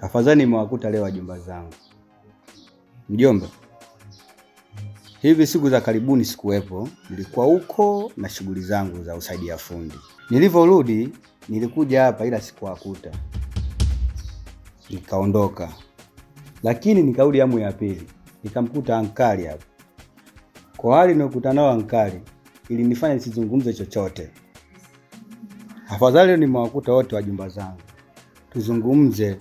Afadhali nimewakuta leo wajomba zangu. Mjomba, hivi siku za karibuni sikuwepo, nilikuwa huko na shughuli zangu za usaidia fundi. Nilivyorudi nilikuja hapa, ila sikuwakuta, nikaondoka. Lakini nikarudi amu ya pili, nikamkuta ankali hapa. Kwa hali nilikuta nao ankali ilinifanya nisizungumze chochote. Afadhali nimewakuta wote wajomba zangu, tuzungumze.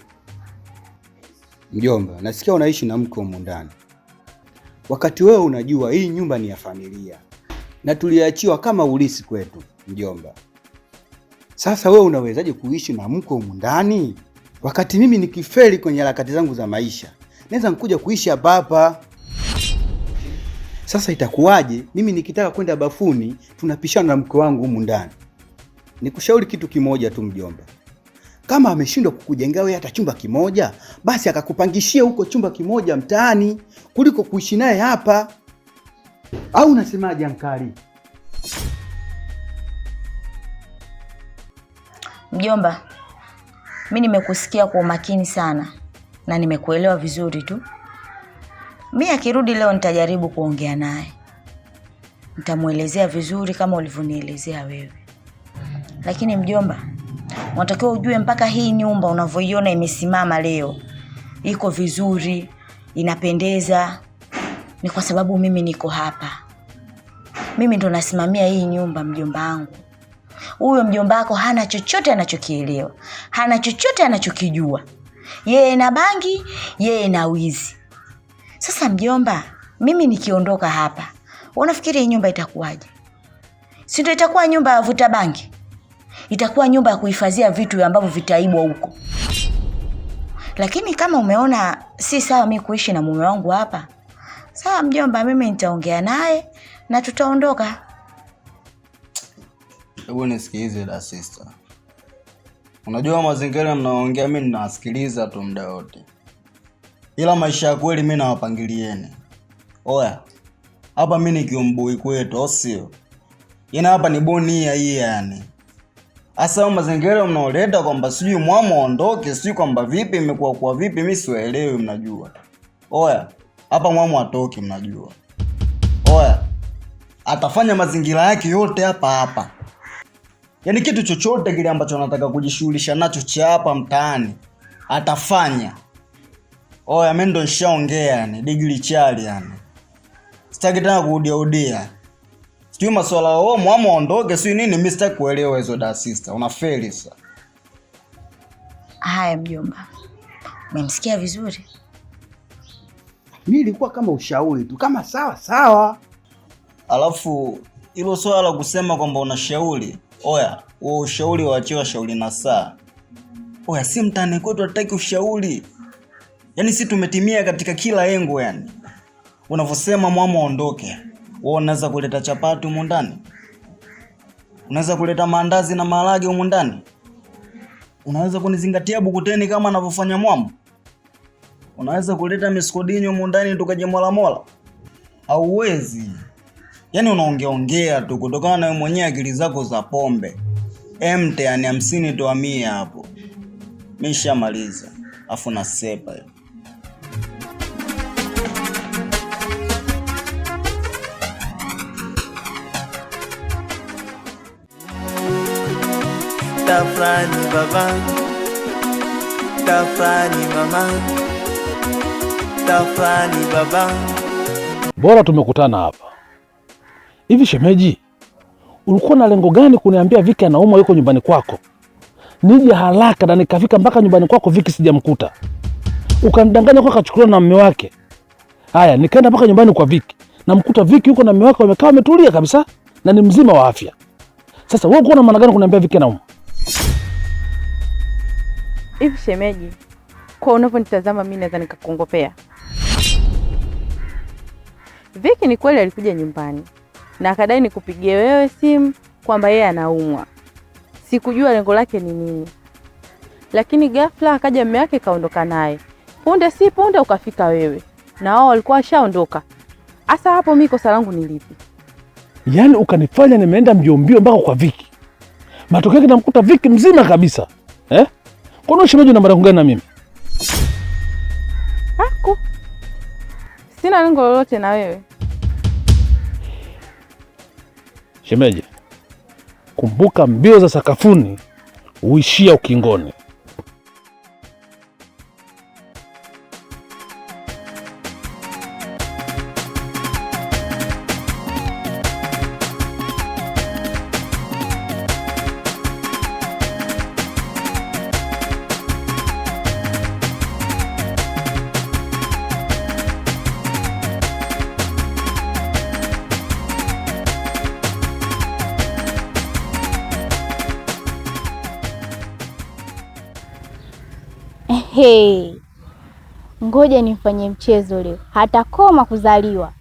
Mjomba, nasikia unaishi na mke humu ndani, wakati wewe unajua hii nyumba ni ya familia na tuliachiwa kama ulisi kwetu. Mjomba, sasa wewe unawezaje kuishi na mke humu ndani wakati mimi nikifeli kwenye harakati zangu za maisha naweza nikuja kuishi hapa hapa. Sasa itakuwaje mimi nikitaka kwenda bafuni tunapishana na mke wangu humu ndani? Nikushauri kitu kimoja tu mjomba, kama ameshindwa kukujengea wewe hata chumba kimoja, basi akakupangishia huko chumba kimoja mtaani kuliko kuishi naye hapa, au unasemaje ankari? Mjomba, mi nimekusikia kwa umakini sana na nimekuelewa vizuri tu. Mi akirudi leo nitajaribu kuongea naye, nitamwelezea vizuri kama ulivyonielezea wewe. Lakini mjomba unatakiwa ujue mpaka hii nyumba unavyoiona imesimama leo iko vizuri inapendeza ni kwa sababu mimi niko hapa mimi ndo nasimamia hii nyumba mjomba wangu huyo mjomba wako hana chochote anachokielewa hana chochote anachokijua yeye na bangi yeye na wizi sasa mjomba mimi nikiondoka hapa unafikiri hii nyumba itakuwaje sindo itakuwa nyumba ya vuta bangi itakuwa nyumba ya kuhifadhia vitu ambavyo vitaibwa huko. Lakini kama umeona si sawa mi kuishi na mume wangu hapa, sawa mjomba, mimi nitaongea naye na tutaondoka. Hebu nisikilize da sister, unajua mazingira mnaongea, mi ninawasikiliza tu muda wote, ila maisha ya kweli mi nawapangilieni. Oya, hapa mi kiumbui kwetu, au sio? Yaani hapa ni bonia hii yani Hasa mazingira mnaoleta kwamba sijui mwamo aondoke, sijui kwamba vipi imekuwa kwa vipi, mimi siwaelewi. Mnajua oya, hapa mwamo atoki, mnajua oya, atafanya mazingira yake yote hapa hapa, yaani kitu chochote kile ambacho anataka kujishughulisha nacho cha hapa mtaani atafanya. Oya, mimi ndo nishaongea, yani digili chali, yani sitaki tena kurudiarudia sijui masuala yao mwamo ondoge sijui nini. Mimi sitaki kuelewa hizo da sister, unafeli sasa. Haya mjomba, umemsikia vizuri. Mimi ilikuwa kama ushauri tu, kama sawa sawa. Alafu ilo swala la kusema kwamba unashauri, oya, wewe ushauri waachiwa shauri na saa. Oya, si mtani kwetu hatutaki ushauri. Yaani si tumetimia katika kila engo, yani unavyosema mwamo ondoke wewe unaweza kuleta chapati humu ndani, unaweza kuleta maandazi na maharage humu ndani, unaweza kunizingatia Bukuteni kama anavyofanya mwamu, unaweza kuleta miskodinyo humu ndani tukaje mola mola? Hauwezi. Yaani ongea tu kutokana na wewe mwenyewe akili zako za pombe Emte yani hamsini toa mia hapo, mishamaliza afu nasepa hiyo. tafurani baba, tafurani mama, tafurani baba. Bora tumekutana hapa. Hivi shemeji, ulikuwa na lengo gani kuniambia Viki anaumwa yuko nyumbani kwako? Nije haraka na nikafika mpaka nyumbani kwako, Viki sijamkuta, ukamdanganya kwa kachukuliwa na mume wake. Haya, nikaenda mpaka nyumbani kwa Viki, namkuta Viki yuko na mume wake, wamekaa wametulia kabisa na ni mzima wa afya. Sasa wewe uko na maana gani kuniambia Viki anaumwa? Hivi shemeji, kwa unavyonitazama mimi naweza nikakuongopea. Viki ni kweli alikuja nyumbani na akadai nikupigie wewe simu kwamba yeye anaumwa. Sikujua lengo lake ni nini, lakini ghafla akaja mume wake kaondoka naye, punde si punde ukafika wewe, na wao walikuwa washaondoka. Hasa hapo mimi kosa langu ni lipi? Yaani ukanifanya nimeenda mbio mbio mpaka kwa Viki, matokeo yake namkuta Viki mzima kabisa eh? Kwa nini shemeji, una mara gani na mimi? Aku. Sina lengo lolote na wewe. Shemeji, kumbuka mbio za sakafuni huishia ukingoni. He, ngoja nimfanye mchezo leo, hatakoma kuzaliwa.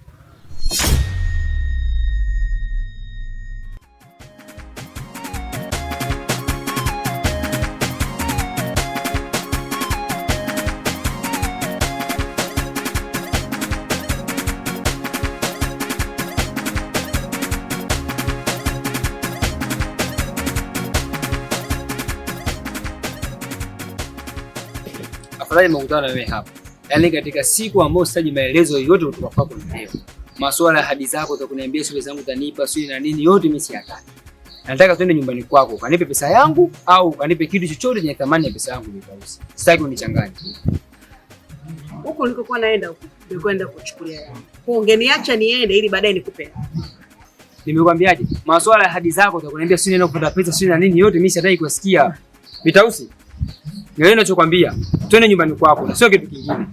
Afadhali na wewe hapa, yaani katika siku ambayo sitaji maelezo yote kutoka kwako, leo, masuala ya hadi zako za kuniambia sio zangu tanipa sio na nini, yote mimi siyataka. Nataka twende nyumbani kwako, kanipe pesa yangu au kanipe kitu chochote chenye thamani ya pesa yangu nitauza. Sitaki unichanganye. Huko nilikokuwa naenda huko, nilikwenda kuchukulia yangu. Kwa ungeniacha niende ili baadaye nikupe. Nimekwambiaje? Masuala ya hadi zako za kuniambia sio neno kupata pesa sio na nini, yote mimi sitaki kusikia. Vitausi. Ndio ninachokwambia, twende nyumbani kwako, sio kitu kingine.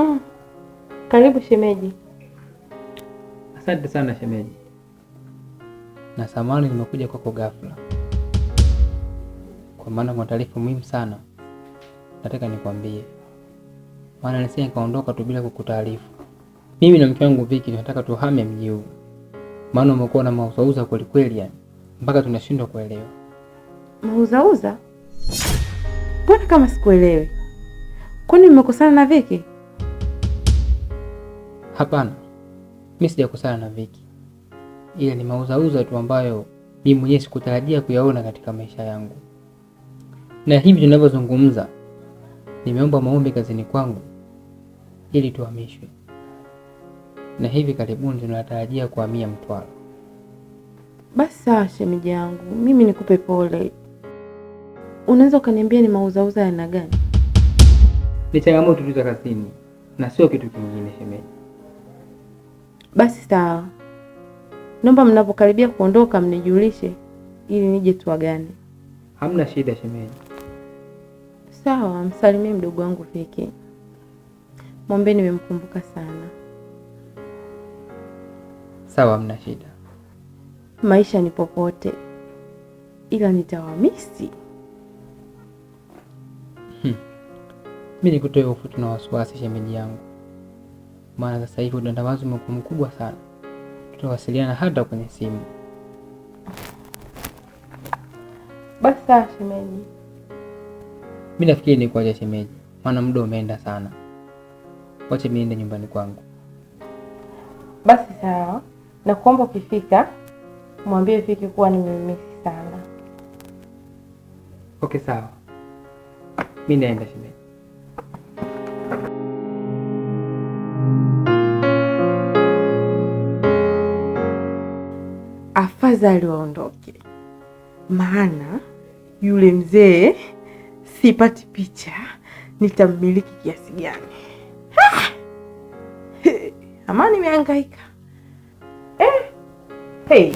Mm. Karibu shemeji. Asante sana shemeji, na samani nimekuja kwako ghafla, kwa maana kuna taarifa muhimu sana nataka nikwambie, maana nisije nikaondoka tu bila kukutaarifu. Mimi na mke wangu Viki tunataka tuhame mji huu, maana umekuwa na mauzauza kweli kweli, yani mpaka tunashindwa kuelewa. Mauzauza? Mbona kama sikuelewi, kwani mmekosana na Viki? Hapana, mi sijakosana na Viki, ila ni mauzauza tu ambayo mi mwenyewe sikutarajia kuyaona katika maisha yangu. Na hivi tunavyozungumza, nimeomba maombi kazini kwangu ili tuhamishwe, na hivi karibuni tunatarajia kuhamia Mtwara. Basi sawa, shemeji yangu, mimi nikupe pole. Unaweza ukaniambia ni mauzauza ya aina gani? Ni changamoto tu za kazini na sio kitu kingine shemeji. Basi sawa, naomba mnapokaribia kuondoka mnijulishe ili nije gani. Hamna shida shemeji. Sawa, msalimie mdogo wangu Viki, mwambie nimemkumbuka sana. Sawa, hamna shida. Maisha ni popote, ila nitawamisi hmm. Mi nikutoe hofu na wasiwasi shemeji yangu maana sasa hivi udandawazi umekuwa mkubwa sana, tutawasiliana hata kwenye simu. Basi sawa shemeji, mi nafikiri ni kuacha shemeji, maana muda umeenda sana. Wacha miende nyumbani kwangu. Basi sawa, na kuomba ukifika mwambie Viki kuwa nimemisi sana. Okay, sawa, mi naenda shemeji. afadhali waondoke, maana yule mzee sipati picha nitammiliki kiasi gani? Amani imehangaika eh. Hey.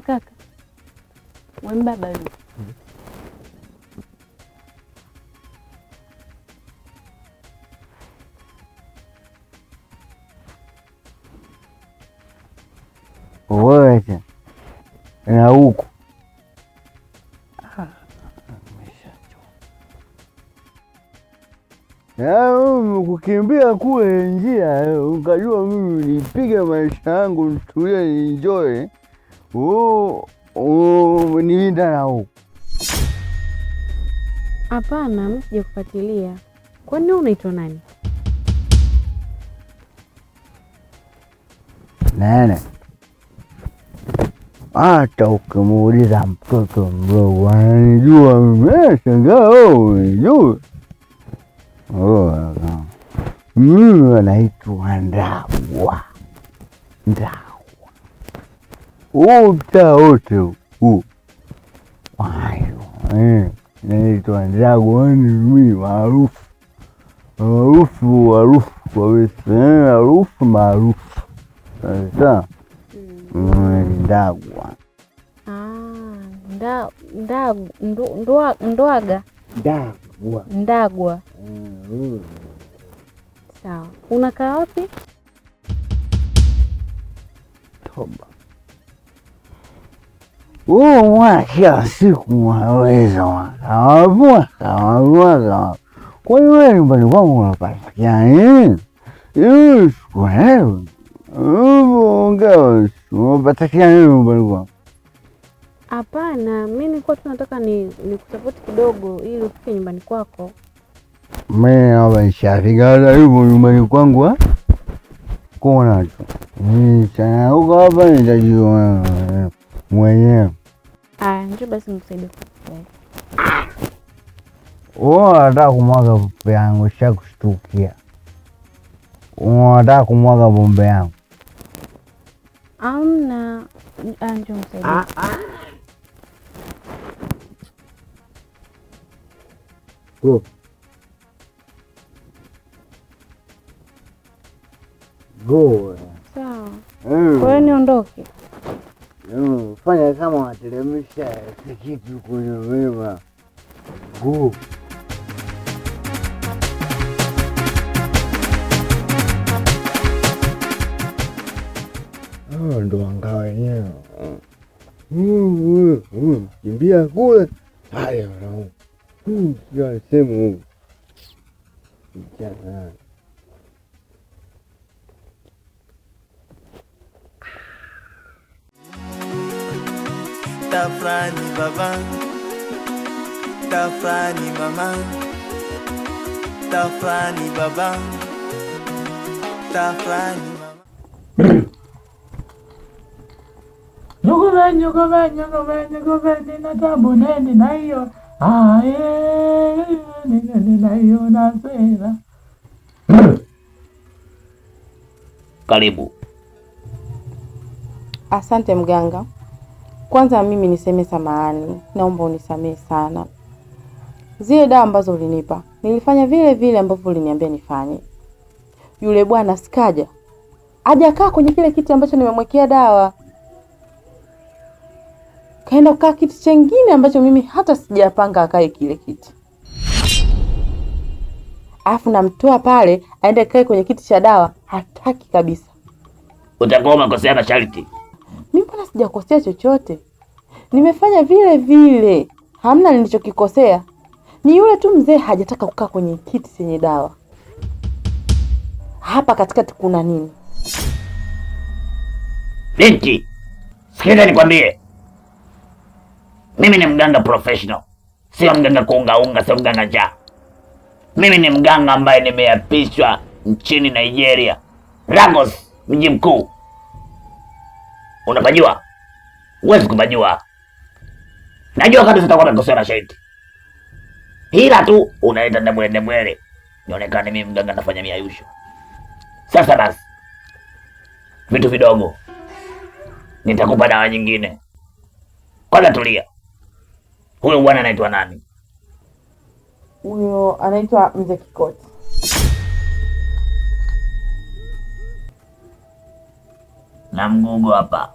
Mkaka wembaba huyu mm -hmm. Owecha na huku kukimbia kule njia, ukajua mimi nipige maisha yangu nitulie, nienjoy niwinda na huu. nao. Hapana, mimi sijakufuatilia. Kwani unaitwa nani? Nene, hata ukimuuliza mtoto mdogo ananijua oh, mimi. Shangaa unijua mimi, anaitwa Ndagwa. Ndagwa huu mtaa wote huu naitwa Dragon mimi maarufu maarufu maarufu kabisa, maarufu maarufu sasa. Mm. Mm, ah, Ndagwa ndwaga mm. Ndagwa. Sawa, unakaa wapi? Toba. Uwa kila siku naweza kawavua kawavua kawavua. Kwa hiyo wewe nyumbani kwangu unapata kiani ili sikuelewi nyumbani kwangu? Hapana, mi nilikuwa tu nataka ni nikusapoti kidogo ili ufike nyumbani kwako. Mi naomba nishafika hata hivyo nyumbani kwangu kuonacho chanauka hapa nitajiona mwenyewe aya Njoo basi nikusaidie kupakia. Wewe unataka kumwaga pombe yangu, shakushtukia. Unataka kumwaga pombe yangu? Amna, njoo nisaidie. Bro. Ah, ah. Bro. Sawa. Hmm. Kwa hiyo niondoke? kufanya kama wanateremsha kitu kwenye mlima guu ndo wanga wenyewe kimbia kule haya sehemu huu tafrani baba, tafrani mama, tafrani baba, tafrani mama. Ndugu venye uko venye uko venye uko venye na tabu neni na hiyo aye nini na hiyo na sera karibu. Asante mganga. Kwanza mimi niseme samahani, naomba unisamehe sana. Zile dawa ambazo ulinipa nilifanya vile vile ambavyo uliniambia nifanye. Yule bwana sikaja, hajakaa kwenye kile kiti ambacho nimemwekea dawa, kaenda kukaa kiti chengine ambacho mimi hata sijapanga akae kile kiti, alafu namtoa pale aende kae kwenye kiti cha dawa. Hataki kabisa. Utakuwa umekosea masharti maana sijakosea chochote, nimefanya vile vile, hamna nilichokikosea. Ni yule tu mzee hajataka kukaa kwenye kiti chenye dawa. Hapa katikati kuna nini? Binti, sikiliza nikwambie, mimi ni mganga professional, sio mganga kuungaunga, sio mganga cha. Mimi ni mganga ambaye nimeapishwa nchini Nigeria, Lagos, mji mkuu unabajua, Huwezi kubajua. Najua kabisa utakuwa umekosea na shaiti, Hila tu unaenda na mwende Nionekane mimi mganga nafanya miayusho. Sasa basi. Vitu vidogo. Nitakupa dawa nyingine. Kwanza tulia. Huyo bwana anaitwa nani? Huyo anaitwa Mzee Kikoti. Na mgugu hapa.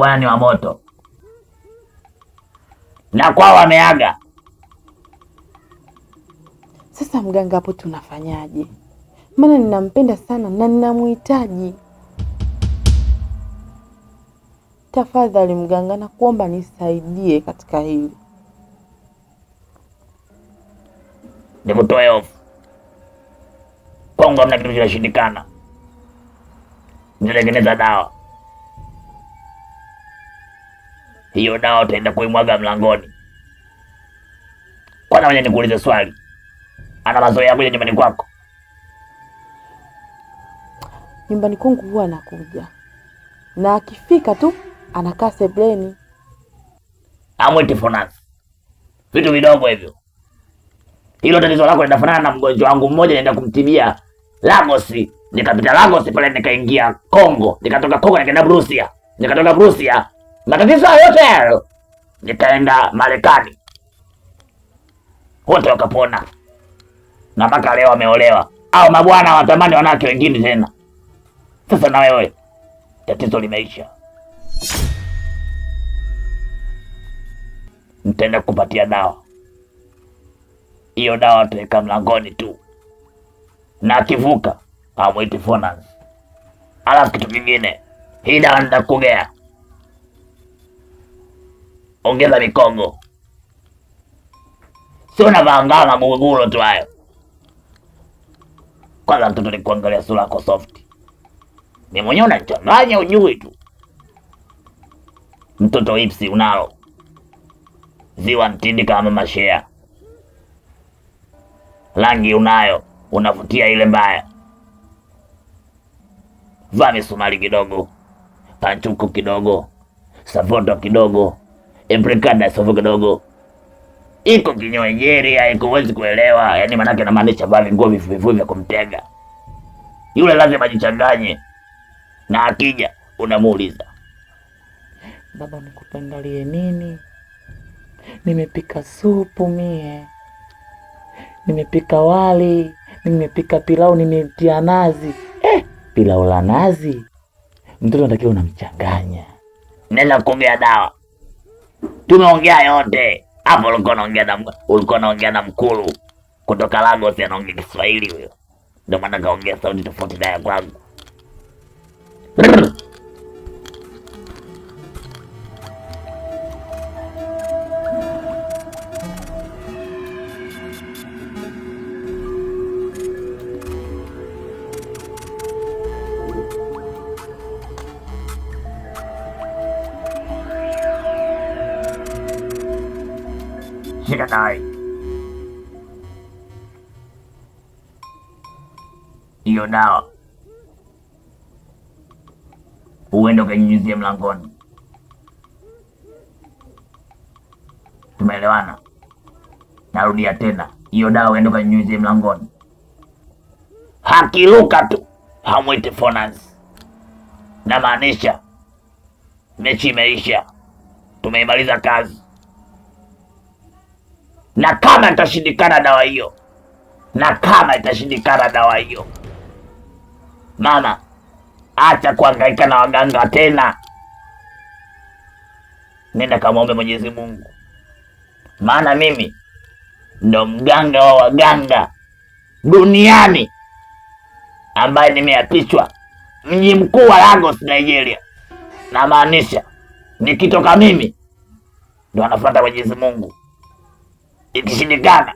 bwana ni wa moto, na kwao wameaga. Sasa mganga, hapo tunafanyaje? Maana ninampenda sana na ninamhitaji. Tafadhali mganga, nakuomba nisaidie katika hili. Nikutoe hofu Kongo, mna kitu kinashindikana, nitengeneza dawa hiyo dawa utaenda kuimwaga mlangoni. Kwanza moja nikuulize swali, ana mazoea kuja nyumbani kwako? Nyumbani kwangu huwa anakuja na akifika tu anakaa sebleni. Amwiti vitu vidogo hivyo. Hilo tatizo lako linafanana na mgonjwa wangu mmoja, naenda kumtibia Lagos, nikapita Lagos pale nikaingia Kongo, nikatoka Kongo nikaenda Brusia, nikatoka Brusia matatizo yote hayo nitaenda Marekani, wote wakapona na mpaka leo wameolewa, au mabwana watamani wanawake wengine tena. Sasa na wewe tatizo limeisha, nitaenda kupatia dawa. Hiyo dawa tuweka mlangoni tu, na akivuka amwiti, alafu kitu kingine, hii dawa nitakugea ongeza mikongo, sio na maguruguru tu hayo. Kwanza mtoto, nikuangalia sura yako soft, ni mwenyewe unachanganya, ujui tu mtoto ipsi unalo ziwa mtindi kama mama shea, rangi unayo, unavutia ile mbaya, vaa misumari kidogo, panchuku kidogo, savoto kidogo Afrikaner sofu kidogo iko kinywa Nigeria iko huwezi kuelewa, yaani manake namaanisha vale nguo vifuvifu vya kumtega yule, lazima jichanganye na akija unamuuliza baba, nikupandalie nini? Nimepika supu mie, nimepika wali, nimepika pilau, nimetia nazi eh, pilau la nazi. Mtoto anatakiwa unamchanganya nela kugea dawa tumeongea yote hapo. Ulikuwa unaongea na ulikuwa unaongea na mkulu kutoka Lagos, anaongea Kiswahili huyo, ndio maana kaongea sauti tofauti na ya kwangu. Hiranai. Hiyo dawa uende ukanyunyizie mlangoni. Tumeelewana? Narudia tena, hiyo dawa uende ukanyunyizie mlangoni. hakiluka tu hamwiti Fonans, namaanisha mechi imeisha, tumeimaliza kazi na kama itashindikana dawa hiyo, na kama itashindikana dawa hiyo, mama, acha kuangaika na waganga tena, nenda kamwombe Mwenyezi Mungu, maana mimi ndo mganga wa waganga duniani ambaye nimeapishwa mji mkuu wa Lagos, Nigeria. Namaanisha nikitoka mimi ndo anafuata Mwenyezi Mungu ikishindikana,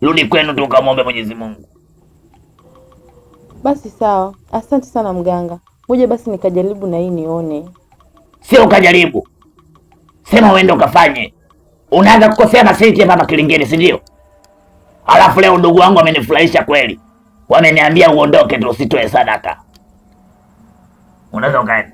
rudi kwenu tukamwombe Mwenyezi Mungu. Basi sawa, asante sana mganga. Ngoja basi nikajaribu na hii nione. Sio ukajaribu, sema uende ukafanye. Unaanza kukosea na sisi hapa Kilingeni, si ndio? Alafu leo ndugu wangu wamenifurahisha kweli, wameniambia uondoke tu, usitoe sadaka. Unaweza ukaenda.